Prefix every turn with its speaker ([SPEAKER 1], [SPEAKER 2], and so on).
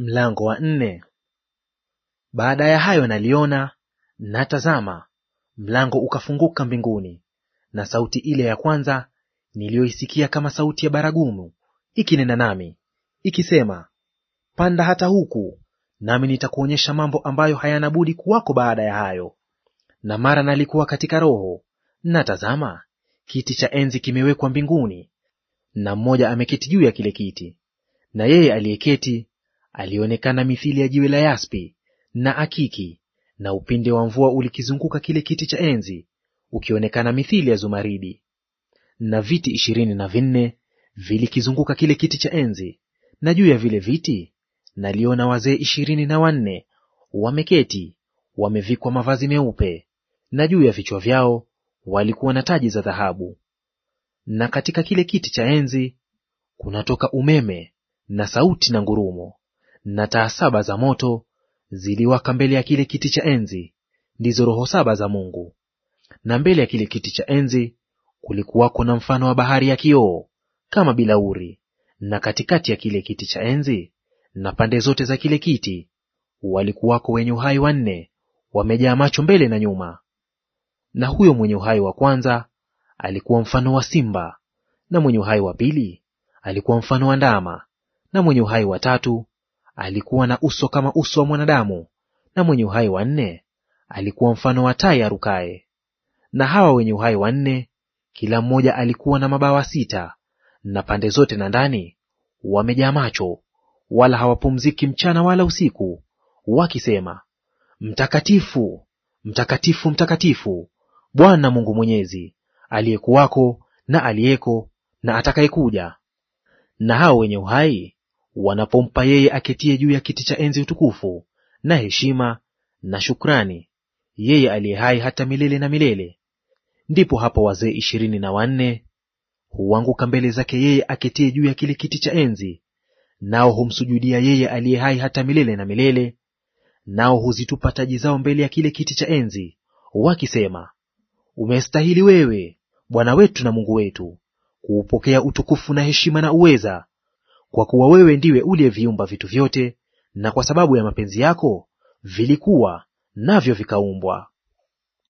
[SPEAKER 1] Mlango wa nne. Baada ya hayo naliona, natazama, mlango ukafunguka mbinguni, na sauti ile ya kwanza niliyoisikia kama sauti ya baragumu ikinena nami ikisema, panda hata huku, nami nitakuonyesha mambo ambayo hayana budi kuwako baada ya hayo. Na mara nalikuwa katika Roho, natazama, kiti cha enzi kimewekwa mbinguni, na mmoja ameketi juu ya kile kiti, na yeye aliyeketi alionekana mithili ya jiwe la yaspi na akiki, na upinde wa mvua ulikizunguka kile kiti cha enzi, ukionekana mithili ya zumaridi. Na viti ishirini na vinne vilikizunguka kile kiti cha enzi, na juu ya vile viti naliona wazee ishirini na wanne wameketi, wamevikwa mavazi meupe, na juu ya vichwa vyao walikuwa na taji za dhahabu. Na katika kile kiti cha enzi kunatoka umeme na sauti na ngurumo na taa saba za moto ziliwaka mbele ya kile kiti cha enzi, ndizo roho saba za Mungu. Na mbele ya kile kiti cha enzi kulikuwako na mfano wa bahari ya kioo kama bilauri, na katikati ya kile kiti cha enzi na pande zote za kile kiti walikuwako wenye uhai wanne, wamejaa macho mbele na nyuma. Na huyo mwenye uhai wa kwanza alikuwa mfano wa simba, na mwenye uhai wa pili alikuwa mfano wa ndama, na mwenye uhai wa tatu alikuwa na uso kama uso wa mwanadamu, na mwenye uhai wa nne alikuwa mfano wa tai arukaye. Na hawa wenye uhai wanne kila mmoja alikuwa na mabawa sita, na pande zote na ndani wamejaa macho, wala hawapumziki mchana wala usiku, wakisema, Mtakatifu, mtakatifu, mtakatifu, Bwana Mungu Mwenyezi, aliyekuwako na aliyeko na atakayekuja. Na hao wenye uhai wanapompa yeye aketie juu ya kiti cha enzi utukufu na heshima na shukrani, yeye aliye hai hata milele na milele. Ndipo hapo wazee ishirini na wanne huanguka mbele zake yeye aketie juu ya kile kiti cha enzi, nao humsujudia yeye aliye hai hata milele na milele, nao huzitupa taji zao mbele ya kile kiti cha enzi, wakisema, Umestahili wewe Bwana wetu na Mungu wetu kuupokea utukufu na heshima na uweza, kwa kuwa wewe ndiwe uliyeviumba vitu vyote, na kwa sababu ya mapenzi yako vilikuwa, navyo vikaumbwa.